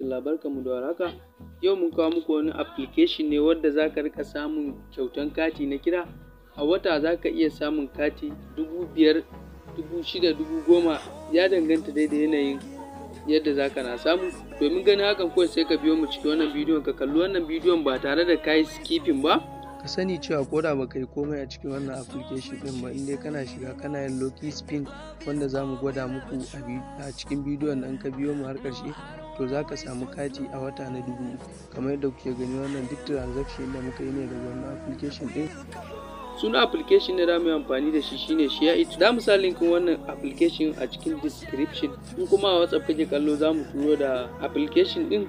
rahmatullah mu da warhaka yau mun kawo muku wani application ne wanda za ka rika samun kyautan kati na kira a wata za ka iya samun kati dubu biyar dubu shida dubu goma ya danganta dai da yanayin yadda za ka na samu domin ganin hakan kawai sai ka biyo mu cikin wannan bidiyon ka kalli wannan bidiyon ba tare da kayi skipping ba ka sani cewa ko da baka yi komai a cikin wannan application din ba inda kana shiga kana yin loki spin wanda za mu gwada muku a cikin bidiyon nan ka biyo mu har ƙarshe to za ka samu kati a wata na dubu kamar yadda kuke gani wannan duk transaction da muka yi ne daga wannan application ɗin suna application da zamu amfani da shi shine share it da misalin linkin wannan application a cikin description in kuma a whatsapp kake kallo za mu turo da application din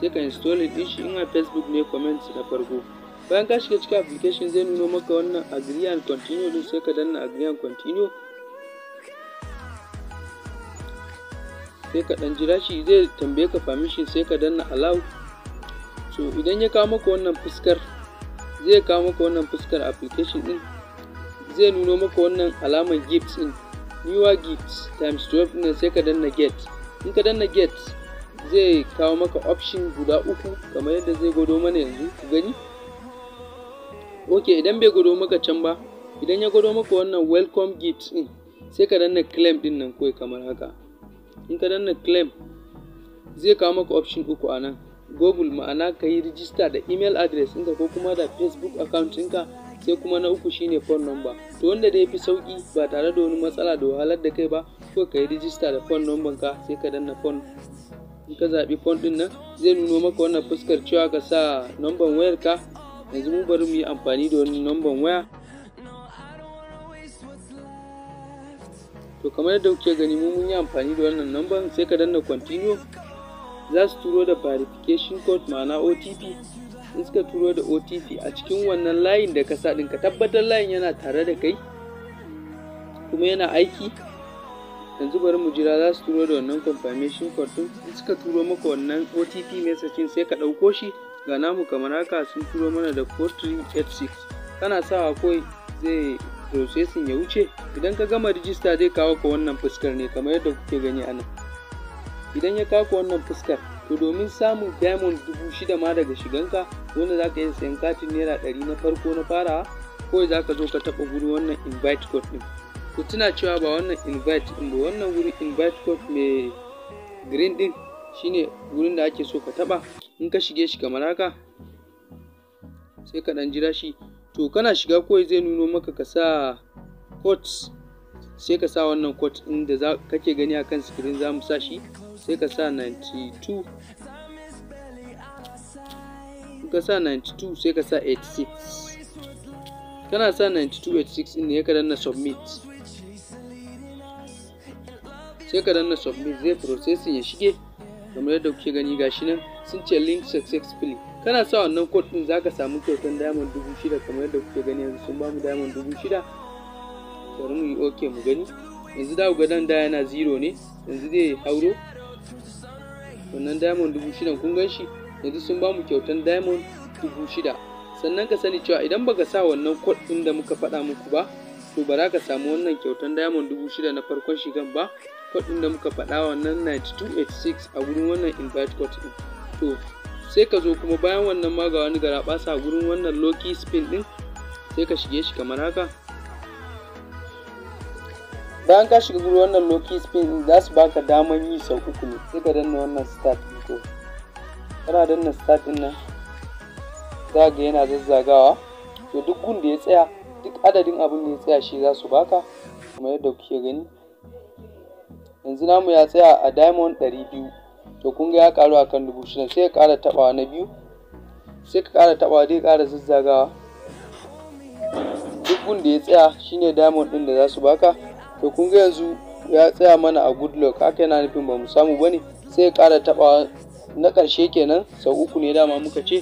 sai ka install din shi in a facebook ne comments na farko bayan ka shiga cikin application zai nuno maka wannan agree and continue din sai ka danna agree and continue sai ka dan jira shi zai tambaye ka permission sai ka danna allow so idan ya kawo maka wannan fuskar zai kawo maka wannan fuskar application din zai nuno maka wannan alamar gifts din newer gifts times 12 din sai ka danna get in ka danna get zai kawo maka option guda uku kamar yadda zai gwado mana yanzu ku gani ok idan bai gwado maka can ba idan ya gwado maka wannan welcome gifts din sai ka danna claim din nan kawai kamar haka in ka danna claim zai kawo maka option uku a nan google ma'ana ka yi rijista da email address inda ko kuma da facebook account ɗinka sai kuma na uku shine phone number to wanda da ya fi sauki ba tare da wani matsala da wahalar da kai ba ko ka yi rijista da phone number ka sai ka danna phone in ka zaɓi phone ɗin nan zai nuno maka wannan fuskar cewa ka sa number wayar ka yanzu mu bari mu yi amfani da wani number waya to kamar yadda kuke gani mu mun yi amfani da wannan number sai ka danna continue za su turo da verification code ma'ana otp in suka turo da otp a cikin wannan layin da ka sa din ka tabbatar layin yana tare da kai kuma yana aiki yanzu bari mu jira za su turo da wannan confirmation code din in suka turo maka wannan otp message sai ka dauko shi ga namu kamar haka sun turo mana da 4386 kana sawa kawai zai processing ya wuce idan ka gama rijista zai kawo ka wannan fuskar ne kamar yadda kuke gani anan. idan ya kawo ka wannan fuskar to domin samun diamond dubu shida ma daga shiganka wanda za ka yi sayan katin naira ɗari na farko na farawa kawai za ka zo ka taɓa guri wannan invite code ɗin ku tuna cewa ba wannan invite ɗin ba wannan gurin invite code mai green ɗin shine gurin da ake so ka taɓa in ka shige shi kamar haka sai ka ɗan jira shi to kana shiga kawai zai nuno maka ka sa quotes sai ka sa wannan code ɗin da kake gani a kan screen za mu sa shi sai ka sa 92 ka sa 92 sai ka sa 86 kana sa 9286 ɗin ne ka danna submit sai ka danna submit zai processing ya shige kamar yadda kuke gani gashi nan sun ce link successfully kana sa wannan code din za ka samu kyautan diamond dubu shida kamar yadda kuke gani yanzu sun bamu diamond dubu shida bari mu yi ok mu gani yanzu da ga dan da yana zero ne yanzu zai hauro wannan diamond dubu shida kun gan shi yanzu sun bamu kyautan diamond dubu shida sannan ka sani cewa idan baka sa wannan code din da muka faɗa muku ba to ba za ka samu wannan kyautan diamond dubu shida na farkon shigan ba code din da muka faɗa wannan 9286 a wurin wannan invite code din to sai ka zo kuma bayan wannan ma ga wani gara basa gurin wannan loki spin din sai ka shige shi kamar haka bayan ka shiga gurin wannan loki spin din za su baka daman yi sau uku ne sai ka danna wannan start din ko kana danna start din nan za ga yana zazzagawa to duk gun da ya tsaya duk adadin abin da ya tsaya shi za su baka kamar yadda kuke gani yanzu namu ya tsaya a diamond 200 to kun ga ya karu kan dubu shida sai ka kara tabawa na biyu sai ka kara tabawa dai kara zazzagawa duk gun da ya tsaya shine diamond din da za su baka to kun ga yanzu ya tsaya mana a good luck haka yana nufin ba mu samu bane sai ya kara tabawa na karshe kenan sau uku ne dama muka ce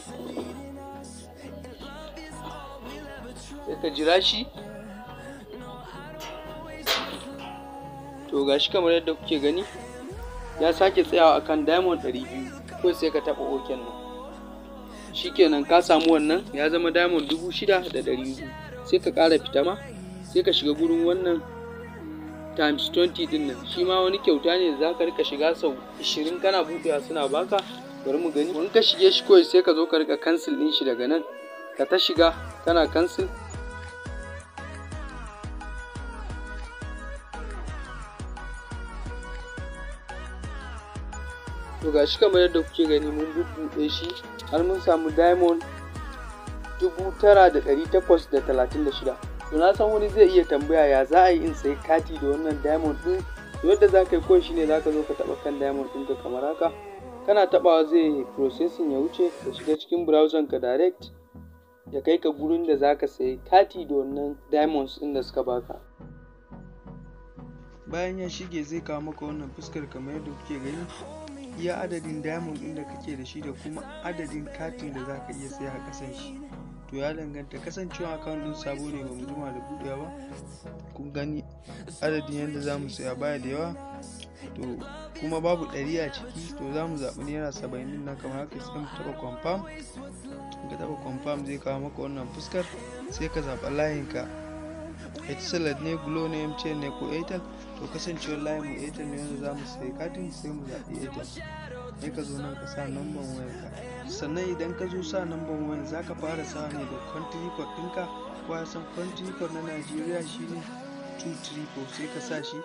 sai ka jira shi to gashi kamar yadda kuke gani ya sake tsayawa akan diamond 200 ko sai ka taɓa oken nan shikenan ka samu wannan ya zama diamond 6,200 sai ka ƙara fita ma sai ka shiga gurin wannan times 20 din nan shi ma wani kyauta ne za ka rika shiga sau 20 kana buɗewa suna baka bari mu gani wani ka shige shi kawai sai ka zo ka rika cancel din shi daga nan ka ta shiga kana cancel to gashi kamar yadda kuke gani mun buɗe shi har mun samu diamond shida to na san wani zai iya tambaya ya za a yi in sai kati da wannan diamond din yadda za ka yi kawai shine za ka zo ka taɓa kan diamond ɗinka kamar haka kana taɓawa zai processing ya wuce ka shiga cikin browser ka direct ya kai ka gurin da za ka sayi kati da wannan diamonds ɗin da suka baka bayan ya shige zai kawo maka wannan fuskar kamar yadda kuke gani iya adadin diamond ɗin da kake da shi da kuma adadin katin da za ka iya saya a kasan shi to ya danganta kasancewa account ɗin sabo ne ba mu jima da buɗewa ba kun gani adadin yadda za mu saya baya da yawa to kuma babu ɗari a ciki to za mu zaɓi naira saba'in din na kamar haka sai mu taɓa confirm ka taɓa confirm zai kawo maka wannan fuskar sai ka zaɓa layinka salad ne glo ne mtn ne ko airtel to kasancewar layin mu airtel ne yanzu za mu sayi katin sai mu zaɓi airtel sai ka zo nan ka sa one ka sannan idan ka zo sa number one za ka fara sa ne da country code ɗinka ko ya san country code na nigeria shine 234 sai ka sa shi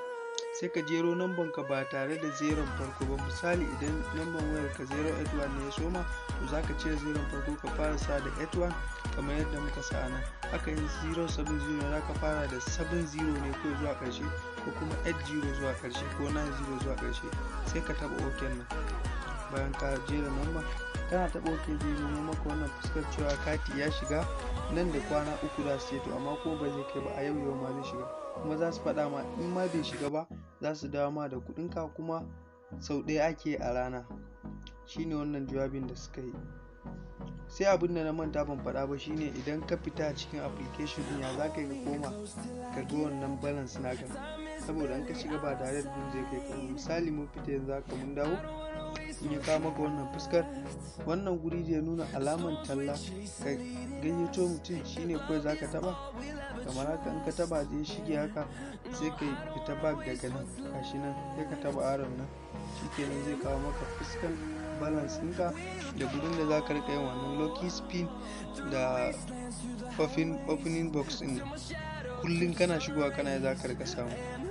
sai ka jero namban ka ba tare da zeron farko ba misali idan namban wayar ka 081 ne ya soma to za ka cire zeron farko ka fara sa da 81 kamar yadda muka sa a nan haka yin 070 za ka fara da 70 ne ko zuwa karshe ko kuma 80 zuwa karshe ko 90 zuwa karshe sai ka taba ok nan bayan ka jera namba kana taɓa ok zai nuna maka wannan fuskar cewa kati ya shiga nan da kwana uku za su to amma ko ba zai kai ba a yau yau ma zai shiga kuma za su faɗa ma in ma bai shiga ba za su dawo da kudinka kuma sau ɗaya ake a rana shine wannan jawabin da suka yi sai abin da na manta ban faɗa ba shine idan ka fita cikin application ɗin ya za ka yi koma ka ga wannan balance naka saboda an ka shiga ba da din zai kai ka misali mun fita yanzu haka mun dawo in ya kawo maka wannan fuskar wannan guri zai nuna alaman talla ka gayyato mutum shine kawai za ka taba kamar haka in ka taba zai shige haka sai ka yi fita bag daga nan kashi nan sai ka taba aron nan shikenan zai kawo maka fuskar balance ɗinka da gudun da za ka rika yin wannan loki spin da opening box ɗin kullum kana shigowa kana za ka rika samu